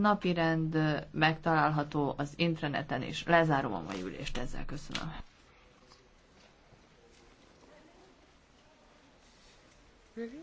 napirend megtalálható az intraneten is. Lezárom a mai ülést ezzel. Köszönöm. Really?